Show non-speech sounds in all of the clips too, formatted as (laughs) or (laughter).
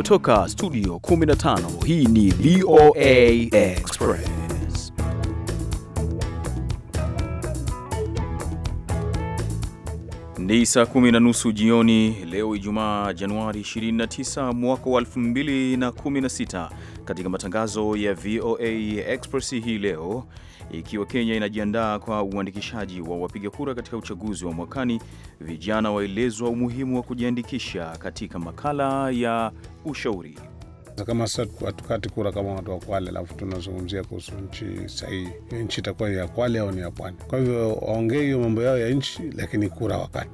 kutoka studio 15 hii ni VOA Express. Ni saa kumi na nusu jioni leo Ijumaa Januari 29 mwaka wa 2016. Katika matangazo ya VOA Express hii leo ikiwa Kenya inajiandaa kwa uandikishaji wa wapiga kura katika uchaguzi wa mwakani, vijana waelezwa umuhimu wa kujiandikisha katika makala ya ushauri. Kama sasa hatukati kura kama watu wa Kwale, alafu tunazungumzia kuhusu nchi sahihi, hiyo nchi itakuwa ya Kwale au ni ya Pwani? Kwa hivyo waongee hiyo mambo yao ya nchi, lakini kura wakati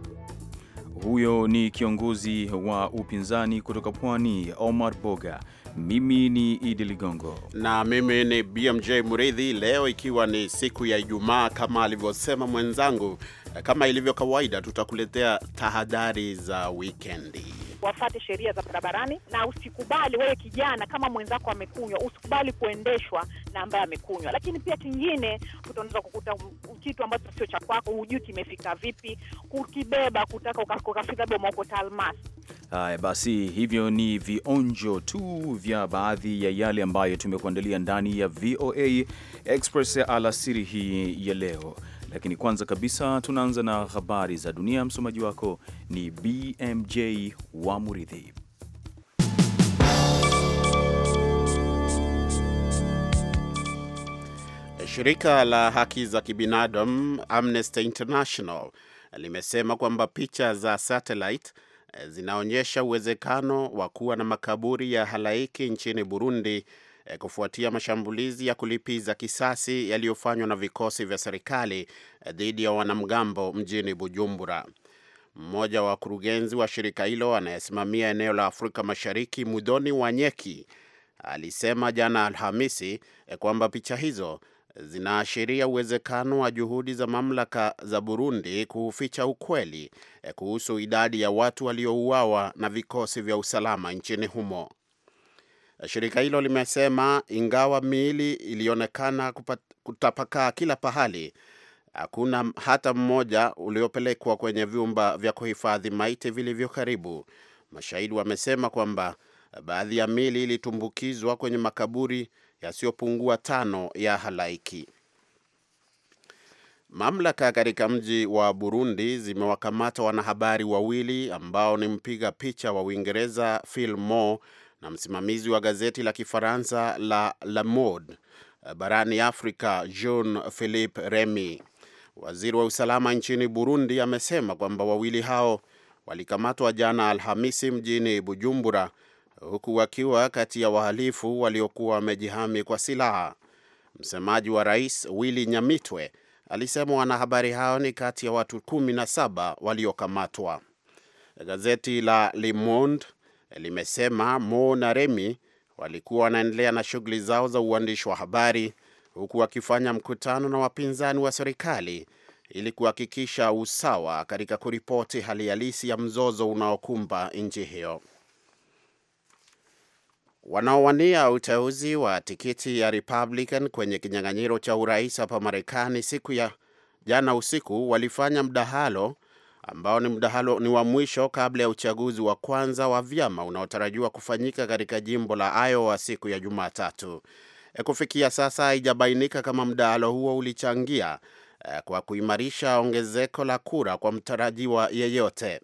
huyo ni kiongozi wa upinzani kutoka Pwani, Omar Boga, mimi ni Idi Ligongo na mimi ni BMJ Muridhi. Leo ikiwa ni siku ya Ijumaa kama alivyosema mwenzangu, kama ilivyo kawaida, tutakuletea tahadhari za wikendi wafate sheria za barabarani, na usikubali wewe kijana, kama mwenzako amekunywa, usikubali kuendeshwa na ambaye amekunywa. Lakini pia kingine, utaweza kukuta kitu ambacho sio cha kwako, hujui kimefika vipi, kukibeba, kutaka ukafika labda umeokota almasi. Haya basi, hivyo ni vionjo tu vya baadhi ya yale ambayo tumekuandalia ndani ya VOA Express alasiri hii ya leo lakini kwanza kabisa tunaanza na habari za dunia. Msomaji wako ni BMJ wa Muridhi. Shirika la haki za kibinadamu Amnesty International limesema kwamba picha za satellite eh, zinaonyesha uwezekano wa kuwa na makaburi ya halaiki nchini Burundi Eh, kufuatia mashambulizi ya kulipiza kisasi yaliyofanywa na vikosi vya serikali eh, dhidi ya wanamgambo mjini Bujumbura. Mmoja wa wakurugenzi wa shirika hilo anayesimamia eneo la Afrika Mashariki, Mudhoni Wanyeki, alisema jana Alhamisi eh, kwamba picha hizo zinaashiria uwezekano wa juhudi za mamlaka za Burundi kuficha ukweli kuhusu idadi ya watu waliouawa na vikosi vya usalama nchini humo. Shirika hilo limesema ingawa miili ilionekana kutapakaa kila pahali, hakuna hata mmoja uliopelekwa kwenye vyumba vya kuhifadhi maiti vilivyo karibu. Mashahidi wamesema kwamba baadhi ya miili ilitumbukizwa kwenye makaburi yasiyopungua tano ya halaiki. Mamlaka katika mji wa Burundi zimewakamata wanahabari wawili ambao ni mpiga picha wa Uingereza Phil Moore na msimamizi wa gazeti la Kifaransa la Le Monde eh, barani Afrika Jean Philippe Remy. Waziri wa usalama nchini Burundi amesema kwamba wawili hao walikamatwa jana Alhamisi mjini Bujumbura, huku wakiwa kati ya wahalifu waliokuwa wamejihami kwa silaha. Msemaji wa rais Willy Nyamitwe alisema wanahabari hao ni kati ya watu kumi na saba waliokamatwa. Gazeti la Le Monde limesema Mo na Remi walikuwa wanaendelea na shughuli zao za uandishi wa habari huku wakifanya mkutano na wapinzani wa serikali ili kuhakikisha usawa katika kuripoti hali halisi ya mzozo unaokumba nchi hiyo. Wanaowania uteuzi wa tikiti ya Republican kwenye kinyang'anyiro cha urais hapa Marekani siku ya jana usiku walifanya mdahalo ambao ni mdahalo ni wa mwisho kabla ya uchaguzi wa kwanza wa vyama unaotarajiwa kufanyika katika jimbo la Iowa siku ya Jumatatu. E, kufikia sasa haijabainika kama mdahalo huo ulichangia e, kwa kuimarisha ongezeko la kura kwa mtarajiwa yeyote.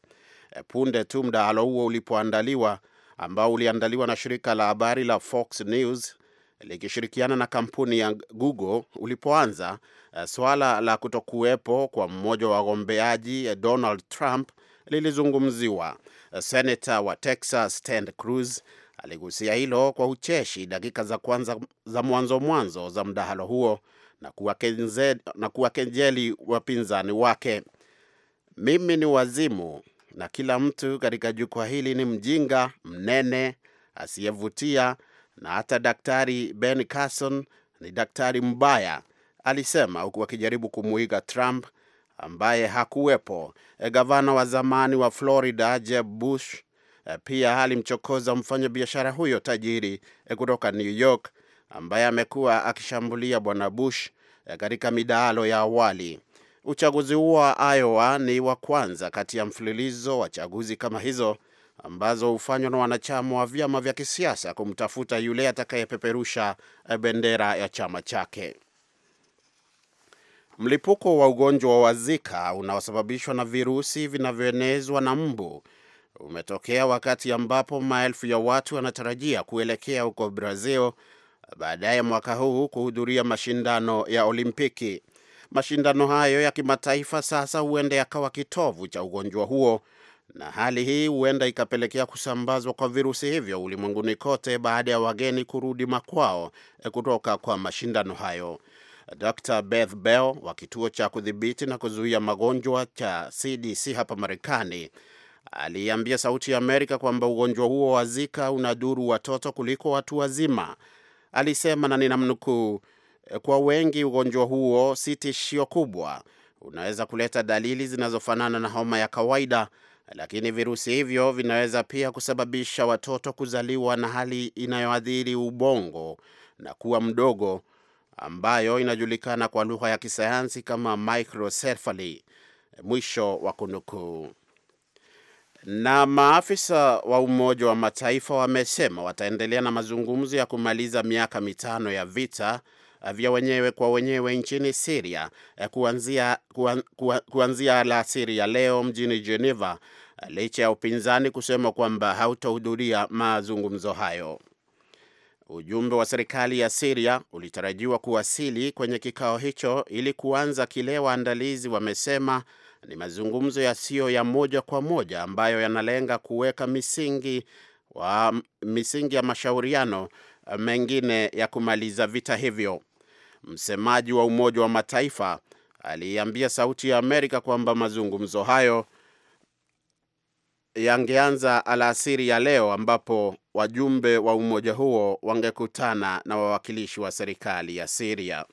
E, punde tu mdahalo huo ulipoandaliwa, ambao uliandaliwa na shirika la habari la Fox News likishirikiana na kampuni ya Google ulipoanza, eh, swala la kutokuwepo kwa mmoja wa wagombeaji eh, Donald Trump lilizungumziwa. Eh, senata wa Texas Ted Cruz aligusia hilo kwa ucheshi dakika za kwanza za mwanzo mwanzo za mdahalo huo na kuwakenjeli wapinzani wake. Mimi ni wazimu na kila mtu katika jukwaa hili ni mjinga, mnene, asiyevutia na hata Daktari Ben Carson ni daktari mbaya, alisema huku akijaribu kumuiga Trump ambaye hakuwepo. Eh, gavana wa zamani wa Florida Jeb Bush eh, pia alimchokoza mfanyabiashara huyo tajiri eh, kutoka New York ambaye amekuwa akishambulia bwana Bush katika midaalo ya awali. Uchaguzi huo wa Iowa ni wa kwanza kati ya mfululizo wa chaguzi kama hizo ambazo hufanywa na wanachama wa vyama vya kisiasa kumtafuta yule atakayepeperusha eh, bendera ya chama chake. Mlipuko wa ugonjwa wa Zika unaosababishwa na virusi vinavyoenezwa na mbu umetokea wakati ambapo maelfu ya watu wanatarajia kuelekea huko Brazil baadaye mwaka huu kuhudhuria mashindano ya Olimpiki. Mashindano hayo ya kimataifa sasa huenda yakawa kitovu cha ugonjwa huo na hali hii huenda ikapelekea kusambazwa kwa virusi hivyo ulimwenguni kote baada ya wageni kurudi makwao eh, kutoka kwa mashindano hayo. Dr Beth Bell wa kituo cha kudhibiti na kuzuia magonjwa cha CDC hapa Marekani aliambia Sauti ya Amerika kwamba ugonjwa huo wa Zika unadhuru watoto kuliko watu wazima. Alisema na ninamnukuu, eh, kwa wengi ugonjwa huo si tishio kubwa, unaweza kuleta dalili zinazofanana na homa ya kawaida lakini virusi hivyo vinaweza pia kusababisha watoto kuzaliwa na hali inayoathiri ubongo na kuwa mdogo ambayo inajulikana kwa lugha ya kisayansi kama microcephaly. Mwisho wa kunukuu. Na maafisa wa Umoja wa Mataifa wamesema wataendelea na mazungumzo ya kumaliza miaka mitano ya vita vya wenyewe kwa wenyewe nchini Siria eh, kuanzia, kuan, kuanzia la ya leo mjini Geneva eh, licha ya upinzani kusema kwamba hautahudhuria mazungumzo hayo. Ujumbe wa serikali ya Siria ulitarajiwa kuwasili kwenye kikao hicho ili kuanza kile waandalizi wamesema ni mazungumzo yasiyo ya moja kwa moja ambayo yanalenga kuweka misingi, wa, misingi ya mashauriano eh, mengine ya kumaliza vita hivyo. Msemaji wa Umoja wa Mataifa aliambia Sauti ya Amerika kwamba mazungumzo hayo yangeanza alasiri ya leo ambapo wajumbe wa umoja huo wangekutana na wawakilishi wa serikali ya Syria.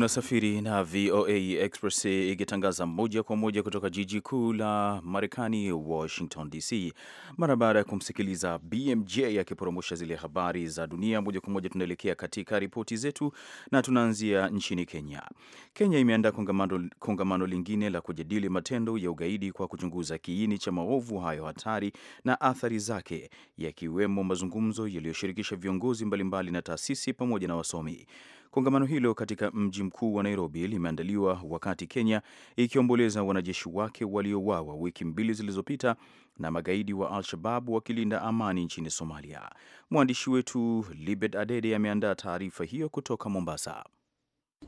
Unasafiri na VOA Express ikitangaza moja kwa moja kutoka jiji kuu la Marekani, Washington DC. Mara baada ya kumsikiliza BMJ akiporomosha zile habari za dunia, moja kwa moja tunaelekea katika ripoti zetu na tunaanzia nchini Kenya. Kenya imeandaa kongamano, kongamano lingine la kujadili matendo ya ugaidi kwa kuchunguza kiini cha maovu hayo hatari na athari zake, yakiwemo mazungumzo yaliyoshirikisha viongozi mbalimbali na taasisi pamoja na wasomi. Kongamano hilo katika mji mkuu wa Nairobi limeandaliwa wakati Kenya ikiomboleza wanajeshi wake waliowawa wiki mbili zilizopita na magaidi wa Al-Shabab wakilinda amani nchini Somalia. Mwandishi wetu Libet Adede ameandaa taarifa hiyo kutoka Mombasa.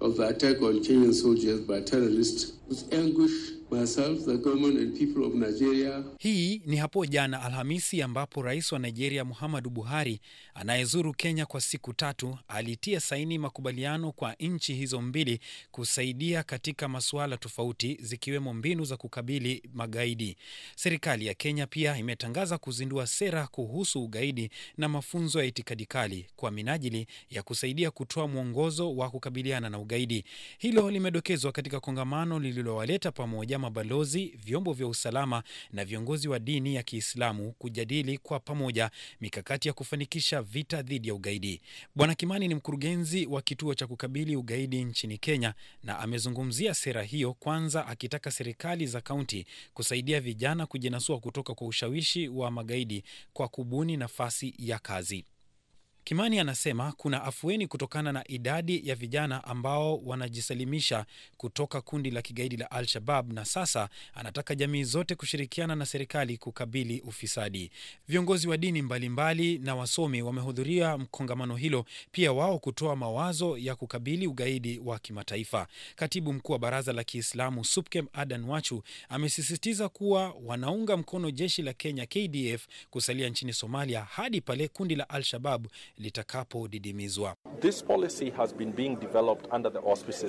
Of the attack on Kenyan soldiers by terrorists anguish myself, the government and people of Nigeria. Hii ni hapo jana Alhamisi ambapo Rais wa Nigeria Muhammadu Buhari anayezuru Kenya kwa siku tatu alitia saini makubaliano kwa nchi hizo mbili kusaidia katika masuala tofauti zikiwemo mbinu za kukabili magaidi. Serikali ya Kenya pia imetangaza kuzindua sera kuhusu ugaidi na mafunzo ya itikadi kali kwa minajili ya kusaidia kutoa mwongozo wa kukabiliana na ugaidi. Hilo limedokezwa katika kongamano lililowaleta pamoja mabalozi, vyombo vya usalama na viongozi wa dini ya Kiislamu kujadili kwa pamoja mikakati ya kufanikisha vita dhidi ya ugaidi. Bwana Kimani ni mkurugenzi wa kituo cha kukabili ugaidi nchini Kenya na amezungumzia sera hiyo, kwanza akitaka serikali za kaunti kusaidia vijana kujinasua kutoka kwa ushawishi wa magaidi kwa kubuni nafasi ya kazi. Kimani anasema kuna afueni kutokana na idadi ya vijana ambao wanajisalimisha kutoka kundi la kigaidi la Al-Shabab na sasa anataka jamii zote kushirikiana na serikali kukabili ufisadi. Viongozi wa dini mbalimbali mbali na wasomi wamehudhuria mkongamano hilo, pia wao kutoa mawazo ya kukabili ugaidi wa kimataifa. Katibu mkuu wa Baraza la Kiislamu SUPKEM Adan Wachu amesisitiza kuwa wanaunga mkono jeshi la Kenya KDF kusalia nchini Somalia hadi pale kundi la Al-Shabab litakapodidimizwa.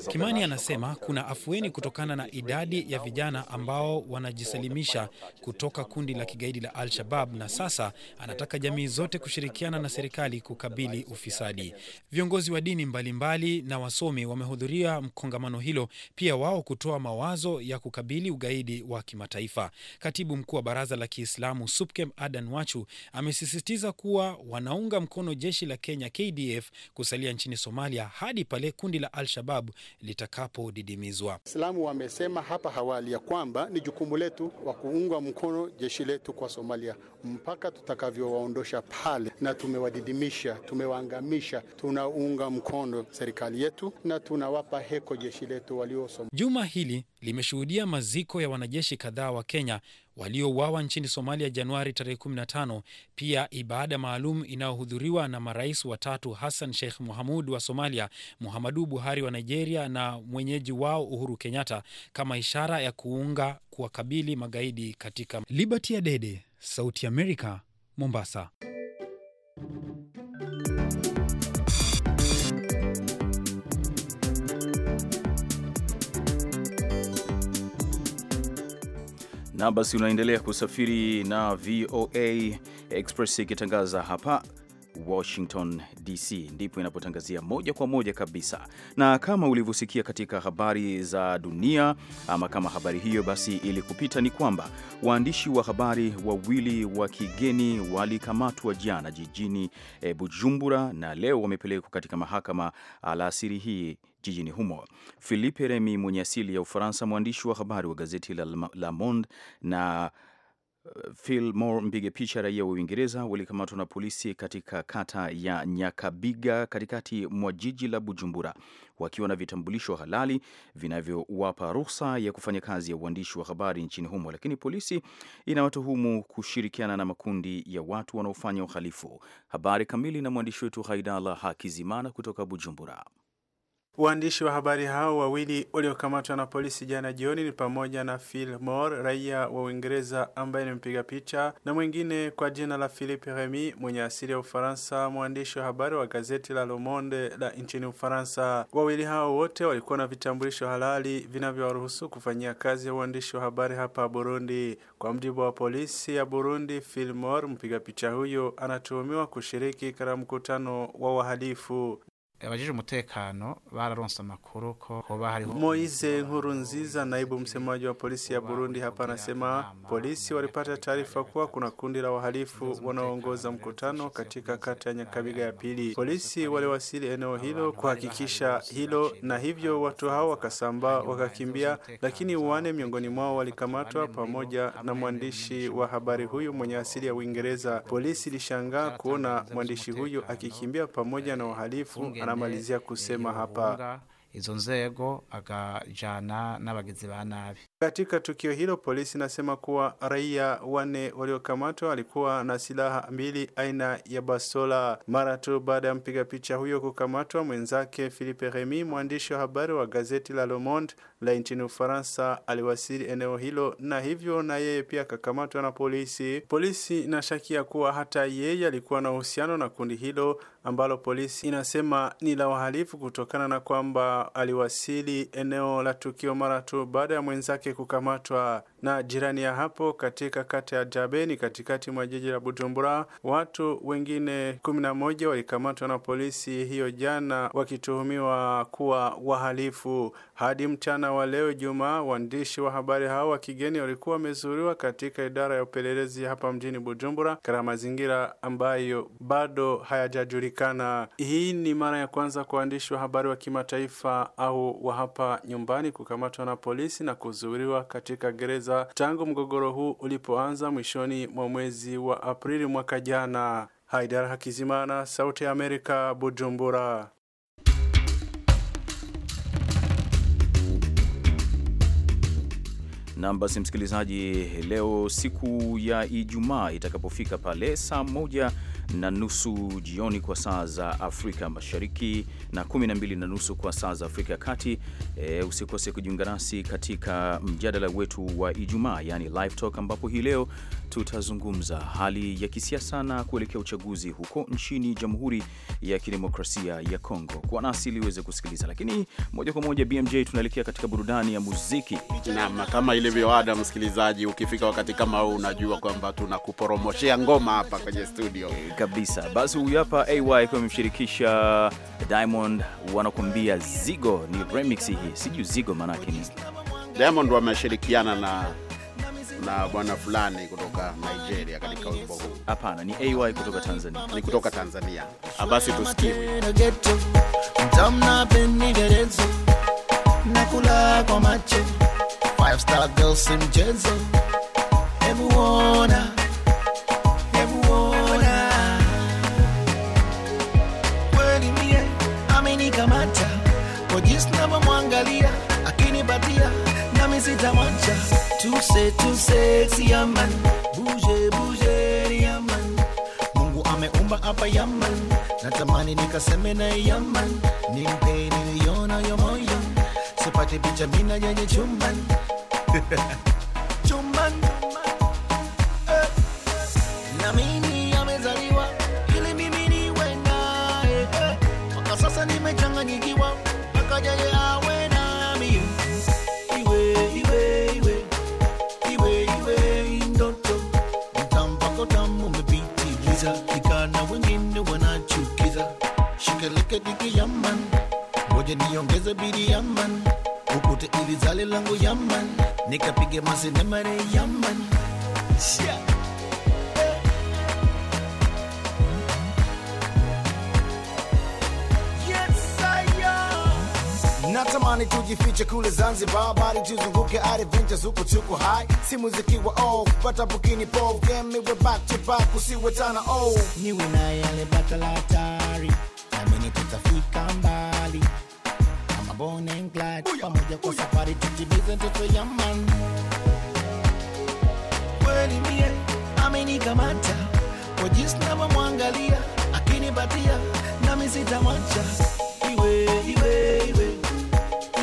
Kimani anasema kuna afueni kutokana na idadi ya vijana ambao wanajisalimisha kutoka kundi la kigaidi la Al-Shabab, na sasa anataka jamii zote kushirikiana na serikali kukabili ufisadi. Viongozi wa dini mbalimbali mbali na wasomi wamehudhuria mkongamano hilo, pia wao kutoa mawazo ya kukabili ugaidi wa kimataifa. Katibu mkuu wa baraza la Kiislamu SUPKEM Adan Wachu amesisitiza kuwa wanaunga mkono jeshi jeshi la Kenya KDF kusalia nchini Somalia hadi pale kundi la Al-Shabab litakapodidimizwa. Waislamu wamesema hapa hawali ya kwamba ni jukumu letu wa kuunga mkono jeshi letu kwa Somalia mpaka tutakavyowaondosha pale, na tumewadidimisha, tumewaangamisha, tunaunga mkono serikali yetu na tunawapa heko jeshi letu walio Somalia. Juma hili limeshuhudia maziko ya wanajeshi kadhaa wa Kenya waliouawa nchini Somalia Januari tarehe 15, pia ibada maalum inayohudhuriwa na marais watatu Hassan Sheikh muhamud wa Somalia, Muhammadu Buhari wa Nigeria na mwenyeji wao Uhuru Kenyatta kama ishara ya kuunga kuwakabili magaidi katika. Liberty Adede, Sauti america Mombasa. na basi, unaendelea kusafiri na VOA Express ikitangaza hapa Washington DC ndipo inapotangazia moja kwa moja kabisa, na kama ulivyosikia katika habari za dunia ama kama habari hiyo basi ilikupita, ni kwamba waandishi wa habari wawili wa kigeni walikamatwa jana jijini e, Bujumbura na leo wamepelekwa katika mahakama alasiri hii jijini humo. Philippe Remy mwenye asili ya Ufaransa, mwandishi wa habari wa gazeti la Le Monde na Moore, mpiga picha raia wa Uingereza, walikamatwa na polisi katika kata ya Nyakabiga katikati mwa jiji la Bujumbura wakiwa na vitambulisho halali vinavyowapa ruhusa ya kufanya kazi ya uandishi wa habari nchini humo, lakini polisi inawatuhumu kushirikiana na makundi ya watu wanaofanya uhalifu. Habari kamili na mwandishi wetu Haidala Hakizimana kutoka Bujumbura. Waandishi wa habari hao wawili waliokamatwa na polisi jana jioni ni pamoja na Phil Moore, raia wa Uingereza ambaye ni mpiga picha, na mwingine kwa jina la Philippe Remy mwenye asili ya Ufaransa, mwandishi wa habari wa gazeti la Le Monde la nchini Ufaransa. Wawili hao wote walikuwa na vitambulisho halali vinavyowaruhusu kufanyia kazi ya uandishi wa habari hapa Burundi. Kwa mjibu wa polisi ya Burundi, Phil Moore, mpiga picha huyo, anatuhumiwa kushiriki katika mkutano wa wahalifu abajije umutekano bararonse amakuru ko hoba Moise Nkurunziza naibu msemaji wa polisi ya Burundi hapa anasema polisi walipata taarifa kuwa kuna kundi la wahalifu wanaoongoza mkutano katika kata ya Nyakabiga ya pili. Polisi waliwasili eneo hilo kuhakikisha hilo, na hivyo watu hao wakasambaa wakakimbia, lakini wane miongoni mwao walikamatwa pamoja na mwandishi wa habari huyu mwenye asili ya Uingereza. Polisi ilishangaa kuona mwandishi huyu akikimbia pamoja na wahalifu ana anamalizia kusema hapa hizo nzego akajana n'abagizi ba nabi Katika tukio hilo, polisi inasema kuwa raia wanne waliokamatwa walikuwa na silaha mbili aina ya basola Mara tu baada ya mpiga picha huyo kukamatwa, mwenzake Philippe Remy, mwandishi wa habari wa gazeti la Le Monde la nchini Ufaransa, aliwasili eneo hilo na hivyo na yeye pia akakamatwa na polisi. Polisi inashakia kuwa hata yeye alikuwa na uhusiano na kundi hilo ambalo polisi inasema ni la wahalifu kutokana na kwamba aliwasili eneo la tukio mara tu baada ya mwenzake kukamatwa na jirani ya hapo katika kata ya Jabeni katikati mwa jiji la Bujumbura. Watu wengine 11 walikamatwa na polisi hiyo jana wakituhumiwa kuwa wahalifu. Hadi mchana wa leo jumaa waandishi wa habari hao wa kigeni walikuwa wamezuriwa katika idara ya upelelezi hapa mjini Bujumbura katika mazingira ambayo bado hayajajulikana. Hii ni mara ya kwanza kwa waandishi wa habari wa kimataifa au wa hapa nyumbani kukamatwa na polisi na kuzuriwa katika gereza Gaza tangu mgogoro huu ulipoanza mwishoni mwa mwezi wa Aprili mwaka jana. Haidar Hakizimana, Sauti ya Amerika, Bujumbura. Nam, basi msikilizaji, leo siku ya Ijumaa itakapofika pale saa moja na nusu jioni kwa saa za Afrika Mashariki na kumi na mbili na nusu kwa saa za Afrika ya Kati, E, usikose kujiunga nasi katika mjadala wetu wa Ijumaa, yani live talk, ambapo hii leo tutazungumza hali ya kisiasa na kuelekea uchaguzi huko nchini Jamhuri ya Kidemokrasia ya Kongo. Kuwa nasi ili uweze kusikiliza, lakini moja kwa moja BMJ, tunaelekea katika burudani ya muziki. Naam, kama ilivyo ada, msikilizaji, ukifika wakati kama huu unajua kwamba tunakuporomoshea ngoma hapa kwenye studio e, kabisa. Basi huyu hapa AY amemshirikisha Diamond, wanakuambia Zigo, ni remix hii, sijui zigo maanake nini. Diamond wameshirikiana na na bwana fulani kutoka Nigeria katika wimbo huu. Hapana, ni AY kutoka Tanzania. Ni kutoka Tanzania. Basi tusikie. nikaseme na yaman nimpe niliona yo moyo sipate picha mina yenye chumban (laughs) chumban eh. na mimi amezaliwa ili mimi niwe naye eh. mpaka sasa nimechanganyikiwa mpaka yeye awe nami iwe iwe iwe iwe iwe ndoto mtampako tamu umepitiliza nikana wengi nipeleke diki yaman, ngoje niongeze bidi yaman, ukute ili zale langu yaman, nikapige masinema re yaman Natamani tujifiche kule Zanzibar, bali tuzunguke adventures zuku tuko hai si muziki wa off, bata bukini pop game, we back to back, usiwe tana oh, niwe na yale bata la It's African Bali. I'm a born and glad. Pamoja kwa safari tutibeze ndoto ya man. Kweli mie amenikamata, kwa jinsi navyomwangalia akinipatia, nami sitamwacha iwe iwe iwe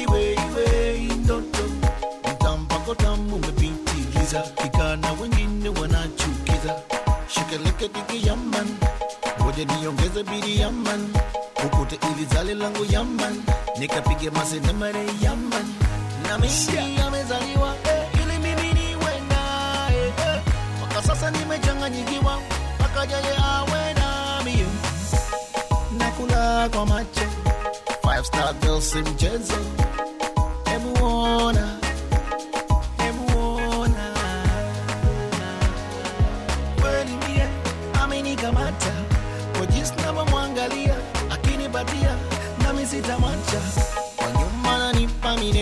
iwe iwe ndoto mtampako tamu umepitiliza, kikana wengine wanachukiza, shikeleke diki ya man ngoja niongeze bidi yaman ukute ili zale langu yaman nikapige mase na mare yaman na mimi amezaliwa eh, ili mimi niwe naye eh, mpaka sasa nimechanganyikiwa mpaka awe nami nakula kwa macho five star girls mchezo hebu ona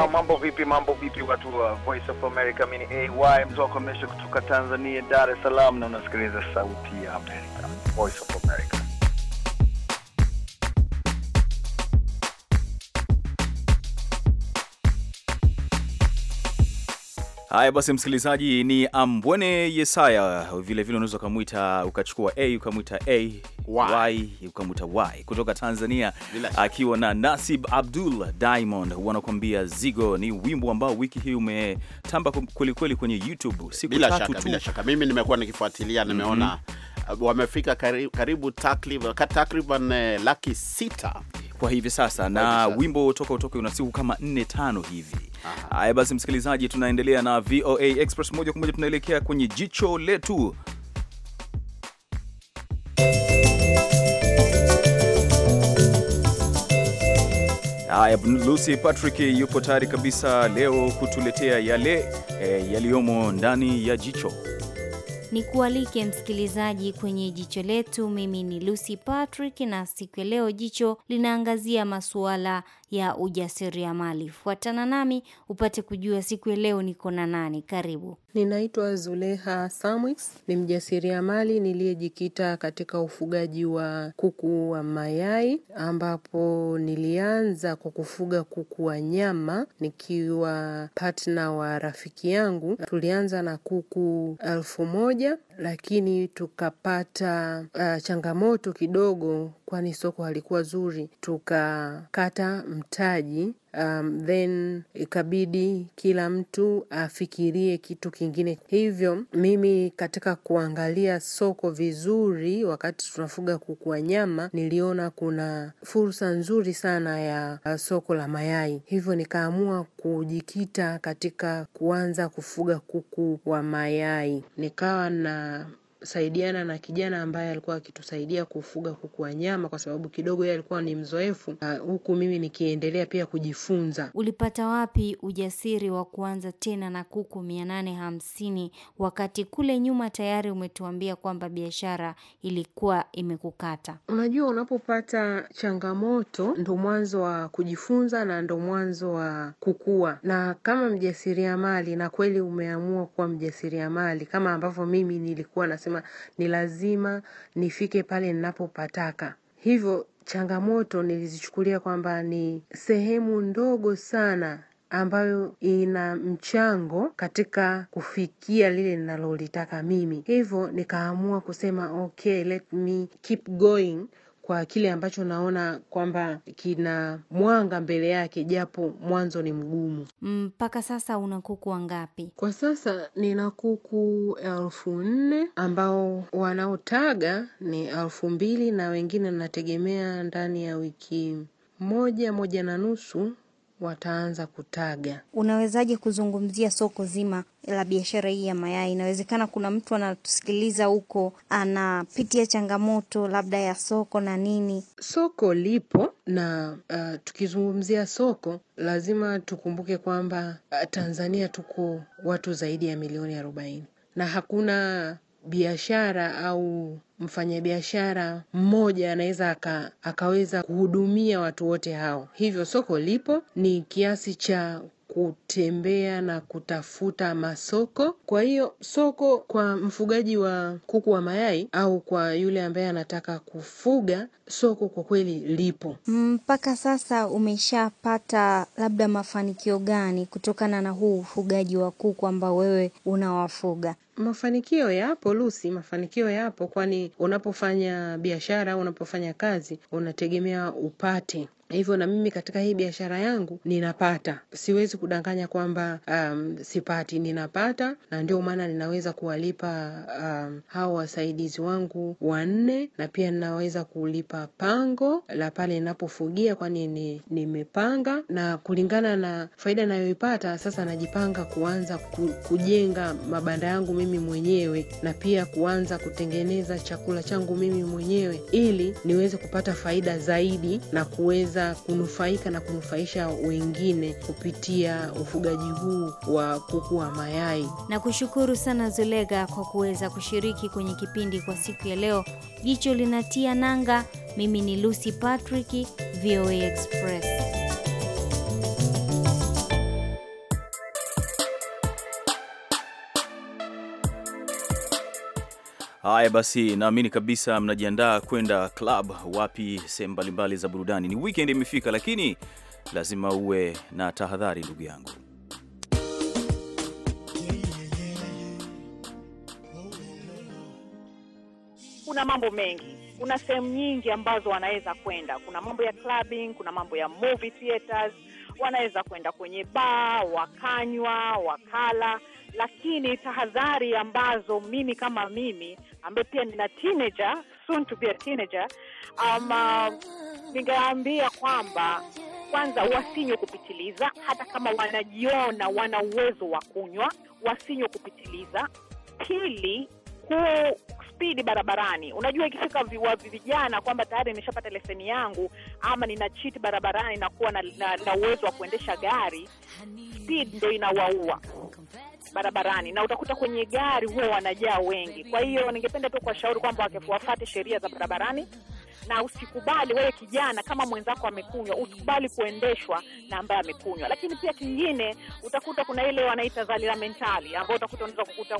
Wadau, mambo vipi? Mambo vipi watu wa Voice of America? mini AY AY mtokomesho kutoka Tanzania, Dar es Salaam, na unasikiliza Sauti ya America, Voice of America. Haya basi, msikilizaji, ni Ambwene Yesaya, vilevile unaweza ukamwita ukachukua a ukamwita a Why, ukamuta Why kutoka Tanzania akiwa na Nasib Abdul Diamond, wanakuambia zigo. Ni wimbo ambao wiki hii umetamba kwelikweli kwenye YouTube siku bila tatu shaka, tu. Bila shaka mimi nimekuwa nikifuatilia mhm. nimeona mm -hmm wamefika karibu, karibu takriban eh, laki sita kwa hivi sasa kwa na hivi sasa. Wimbo utoka utoke una siku kama nne tano hivi. Haya basi, msikilizaji, tunaendelea na VOA Express moja kwa moja, tunaelekea kwenye jicho letu Haya, Lucy Patrick yupo tayari kabisa leo kutuletea yale e, yaliyomo ndani ya jicho. Ni kualike msikilizaji kwenye jicho letu. Mimi ni Lucy Patrick, na siku ya leo jicho linaangazia masuala ya ujasiriamali. Fuatana nami upate kujua siku ya leo niko na nani. Karibu. Ninaitwa Zuleha Samwix, ni mjasiriamali niliyejikita katika ufugaji wa kuku wa mayai, ambapo nilianza kwa kufuga kuku wa nyama nikiwa partner wa rafiki yangu. Tulianza na kuku elfu moja lakini tukapata uh, changamoto kidogo, kwani soko halikuwa zuri, tukakata mtaji um, then ikabidi kila mtu afikirie kitu kingine. Hivyo mimi katika kuangalia soko vizuri, wakati tunafuga kuku wa nyama, niliona kuna fursa nzuri sana ya uh, soko la mayai, hivyo nikaamua kujikita katika kuanza kufuga kuku wa mayai. Nikawa na kusaidiana na kijana ambaye alikuwa akitusaidia kufuga kuku wa nyama, kwa sababu kidogo yeye alikuwa ni mzoefu, huku mimi nikiendelea pia kujifunza. Ulipata wapi ujasiri wa kuanza tena na kuku mia nane hamsini wakati kule nyuma tayari umetuambia kwamba biashara ilikuwa imekukata? Unajua, unapopata changamoto ndo mwanzo wa kujifunza na ndo mwanzo wa kukua, na kama mjasiriamali, na kweli umeamua kuwa mjasiriamali kama ambavyo mimi nilikuwa nasema nikasema ni lazima nifike pale ninapopataka. Hivyo changamoto nilizichukulia kwamba ni sehemu ndogo sana ambayo ina mchango katika kufikia lile ninalolitaka mimi. Hivyo nikaamua kusema okay, let me keep going kwa kile ambacho naona kwamba kina mwanga mbele yake, japo mwanzo ni mgumu. Mpaka sasa una kuku wangapi? Kwa sasa nina kuku elfu nne ambao wanaotaga ni elfu mbili na wengine nategemea ndani ya wiki moja moja na nusu wataanza kutaga. Unawezaje kuzungumzia soko zima la biashara hii ya mayai? Inawezekana kuna mtu anatusikiliza huko anapitia changamoto labda ya soko na nini. Soko lipo na uh, tukizungumzia soko lazima tukumbuke kwamba uh, Tanzania tuko watu zaidi ya milioni arobaini na hakuna biashara au mfanyabiashara mmoja anaweza aka, akaweza kuhudumia watu wote hao. Hivyo soko lipo, ni kiasi cha kutembea na kutafuta masoko. Kwa hiyo soko kwa mfugaji wa kuku wa mayai au kwa yule ambaye anataka kufuga, soko kwa kweli lipo. Mpaka sasa umeshapata labda mafanikio gani kutokana na huu ufugaji wa kuku ambao wewe unawafuga? Mafanikio yapo Lucy, mafanikio yapo, kwani unapofanya biashara, unapofanya kazi, unategemea upate Hivyo na mimi katika hii biashara yangu ninapata, siwezi kudanganya kwamba um, sipati. Ninapata na ndio maana ninaweza kuwalipa um, hao wasaidizi wangu wanne, na pia ninaweza kulipa pango la pale ninapofugia, kwani nimepanga na kulingana na faida nayoipata Sasa najipanga kuanza kujenga mabanda yangu mimi mwenyewe na pia kuanza kutengeneza chakula changu mimi mwenyewe ili niweze kupata faida zaidi na kuweza kuweza kunufaika na kunufaisha wengine kupitia ufugaji huu wa kuku wa mayai. Na kushukuru sana Zulega kwa kuweza kushiriki kwenye kipindi kwa siku ya leo. Jicho linatia nanga. Mimi ni Lucy Patrick, VOA Express. Haya basi, naamini kabisa mnajiandaa kwenda club, wapi, sehemu mbalimbali za burudani. Ni weekend imefika, lakini lazima uwe na tahadhari, ndugu yangu. Kuna mambo mengi, kuna sehemu nyingi ambazo wanaweza kwenda. Kuna mambo ya clubbing, kuna mambo ya movie theaters, wanaweza kwenda kwenye baa wakanywa wakala, lakini tahadhari ambazo mimi kama mimi ambaye pia nina teenager, soon to be a teenager um, uh, ningewaambia kwamba kwanza wasinywe kupitiliza, hata kama wanajiona wana uwezo wa kunywa, wasinywe kupitiliza. Pili, ku spidi barabarani. Unajua, ikifika vijana kwamba tayari nimeshapata leseni yangu ama nina chiti barabarani na kuwa na, na, na uwezo wa kuendesha gari, speed ndo inawaua barabarani, na utakuta kwenye gari huwa wanajaa wengi. Kwa hiyo ningependa tu kuwashauri kwamba wafuate sheria za barabarani na usikubali wewe kijana, kama mwenzako amekunywa, usikubali kuendeshwa na ambaye amekunywa. Lakini pia kingine, utakuta kuna ile wanaita dhalila mentali, ambayo utakuta unaweza kukuta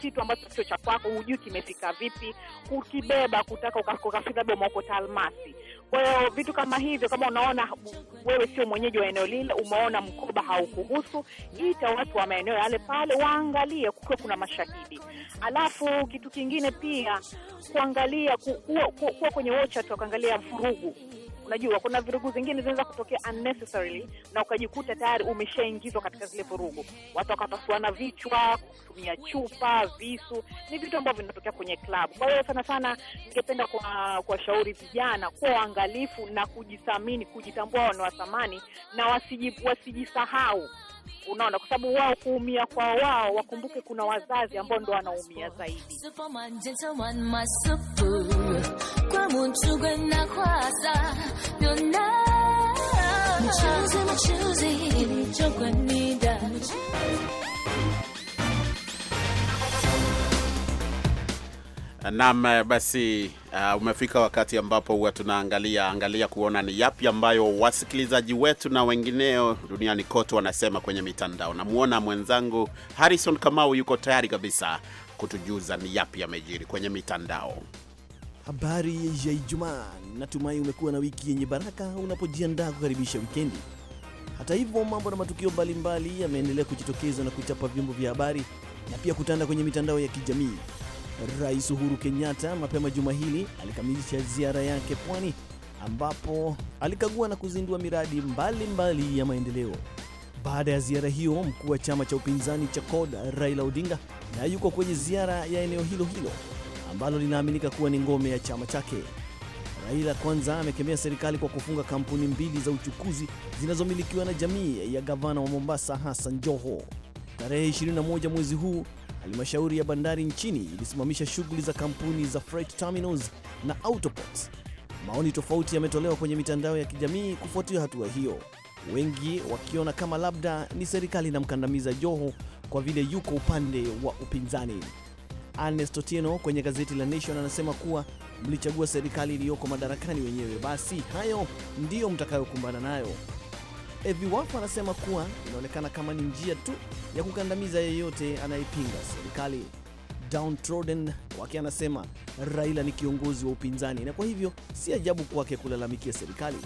kitu ambacho sio cha kwako, hujui kimefika vipi, kukibeba, kutaka ukafika labda umeokota almasi kwa hiyo vitu kama hivyo, kama unaona wewe sio mwenyeji wa eneo lile, umeona mkoba haukuhusu, ita watu wa maeneo yale pale waangalie kukiwa kuna mashahidi. Alafu kitu kingine pia kuangalia kuwa, kwenye wochat wakaangalia vurugu unajua kuna vurugu zingine zinaweza kutokea unnecessarily na ukajikuta tayari umeshaingizwa katika zile vurugu, watu wakapasuana vichwa, kutumia chupa, visu. Ni vitu ambavyo vinatokea kwenye club. Kwa hiyo sana sana ningependa kuwashauri vijana kuwa waangalifu na kujithamini, kujitambua wao ni na wasijisahau. Unaona, kwa sababu wao kuumia kwa wao, wakumbuke kuna wazazi ambao ndo wanaumia zaidi nam eh, basi uh, umefika wakati ambapo huwa tunaangalia angalia kuona ni yapi ambayo wasikilizaji wetu na wengineo duniani kote wanasema kwenye mitandao. Namwona mwenzangu Harrison Kamau yuko tayari kabisa kutujuza ni yapi yamejiri kwenye mitandao. Habari ya Ijumaa. Natumai umekuwa na wiki yenye baraka unapojiandaa kukaribisha wikendi. Hata hivyo, mambo na matukio mbalimbali yameendelea kujitokeza na kuchapa vyombo vya habari na pia kutanda kwenye mitandao ya kijamii. Rais Uhuru Kenyatta mapema juma hili alikamilisha ziara yake pwani, ambapo alikagua na kuzindua miradi mbalimbali mbali ya maendeleo. Baada ya ziara hiyo, mkuu wa chama cha upinzani cha CORD Raila Odinga na yuko kwenye ziara ya eneo hilo hilo ambalo linaaminika kuwa ni ngome ya chama chake. Raila kwanza amekemea serikali kwa kufunga kampuni mbili za uchukuzi zinazomilikiwa na jamii ya gavana wa Mombasa Hassan Joho. Tarehe 21 mwezi huu, halmashauri ya bandari nchini ilisimamisha shughuli za kampuni za freight terminals na autoports. Maoni tofauti yametolewa kwenye mitandao ya kijamii kufuatia hatua hiyo, wengi wakiona kama labda ni serikali inamkandamiza Joho kwa vile yuko upande wa upinzani. Ernest Otieno kwenye gazeti la Nation anasema kuwa mlichagua serikali iliyoko madarakani wenyewe, basi hayo ndiyo mtakayokumbana nayo. Eviwapo anasema kuwa inaonekana kama ni njia tu ya kukandamiza yeyote anayepinga serikali. Downtrodden wake anasema Raila ni kiongozi wa upinzani na kwa hivyo si ajabu kwake kulalamikia serikali.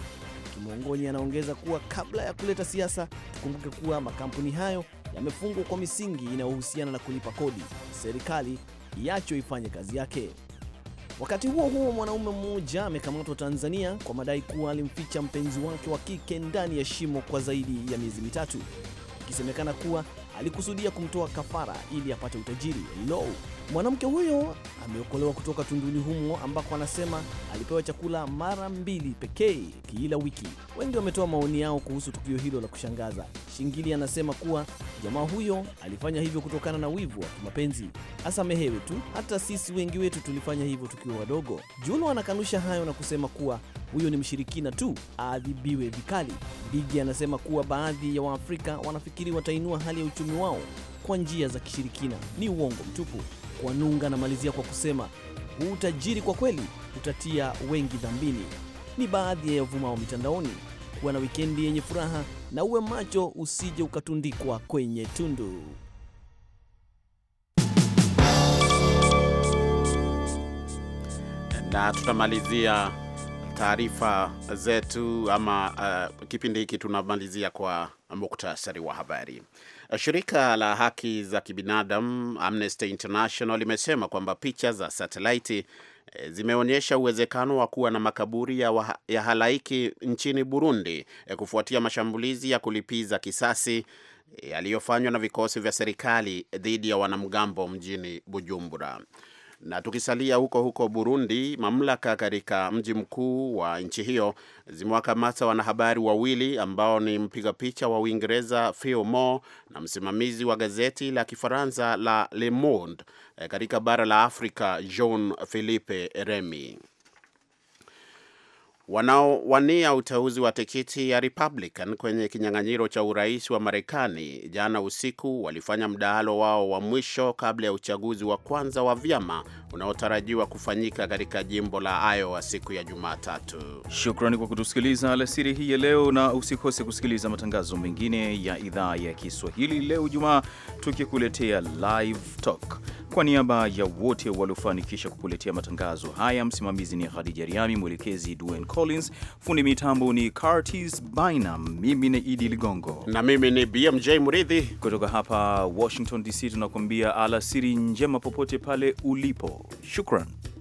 kimongoni anaongeza kuwa kabla ya kuleta siasa, tukumbuke kuwa makampuni hayo yamefungwa kwa misingi inayohusiana na kulipa kodi. Serikali iacho ifanye kazi yake. Wakati huo huo, mwanaume mmoja amekamatwa Tanzania kwa madai kuwa alimficha mpenzi wake wa kike ndani ya shimo kwa zaidi ya miezi mitatu, ikisemekana kuwa alikusudia kumtoa kafara ili apate utajiri. Lo, mwanamke huyo ameokolewa kutoka tunduni humo ambako anasema alipewa chakula mara mbili pekee kila wiki. Wengi wametoa maoni yao kuhusu tukio hilo la kushangaza. Shingili anasema kuwa jamaa huyo alifanya hivyo kutokana na wivu wa kimapenzi. Asamehewe tu, hata sisi wengi wetu tulifanya hivyo tukiwa wadogo. Juno anakanusha hayo na kusema kuwa huyo ni mshirikina tu, aadhibiwe vikali. Bigi anasema kuwa baadhi ya Waafrika wanafikiri watainua hali ya uchumi wao kwa njia za kishirikina. Ni uongo mtupu. Kwanunga anamalizia kwa kusema huu utajiri kwa kweli utatia wengi dhambini. Ni baadhi ya wa mitandaoni. Kuwa na wikendi yenye furaha na uwe macho, usije ukatundikwa kwenye tundu. Na tutamalizia taarifa zetu ama uh, kipindi hiki tunamalizia kwa muktasari wa habari. Shirika la haki za kibinadamu Amnesty International limesema kwamba picha za satelaiti eh, zimeonyesha uwezekano wa kuwa na makaburi ya, wa, ya halaiki nchini Burundi eh, kufuatia mashambulizi ya kulipiza kisasi eh, yaliyofanywa na vikosi vya serikali dhidi ya wanamgambo mjini Bujumbura. Na tukisalia huko huko Burundi, mamlaka katika mji mkuu wa nchi hiyo zimewakamata wanahabari wawili ambao ni mpiga picha wa Uingereza Phil Moore na msimamizi wa gazeti la Kifaransa la Le Monde eh, katika bara la Afrika Jean Philippe Remy wanaowania uteuzi wa tikiti ya Republican kwenye kinyang'anyiro cha urais wa Marekani jana usiku walifanya mdahalo wao wa mwisho kabla ya uchaguzi wa kwanza wa vyama unaotarajiwa kufanyika katika jimbo la Iowa siku ya Jumatatu. Shukrani kwa kutusikiliza alasiri hii ya leo, na usikose kusikiliza matangazo mengine ya idhaa ya Kiswahili leo Jumaa, tukikuletea Live Talk. Kwa niaba ya wote waliofanikisha kukuletea matangazo haya, msimamizi ni Khadija Riami, mwelekezi Duen Collins, fundi mitambo ni Curtis Bynum, mimi ni Idi Ligongo na mimi ni BMJ Muridhi kutoka hapa Washington DC, tunakuambia alasiri njema popote pale ulipo. Shukran.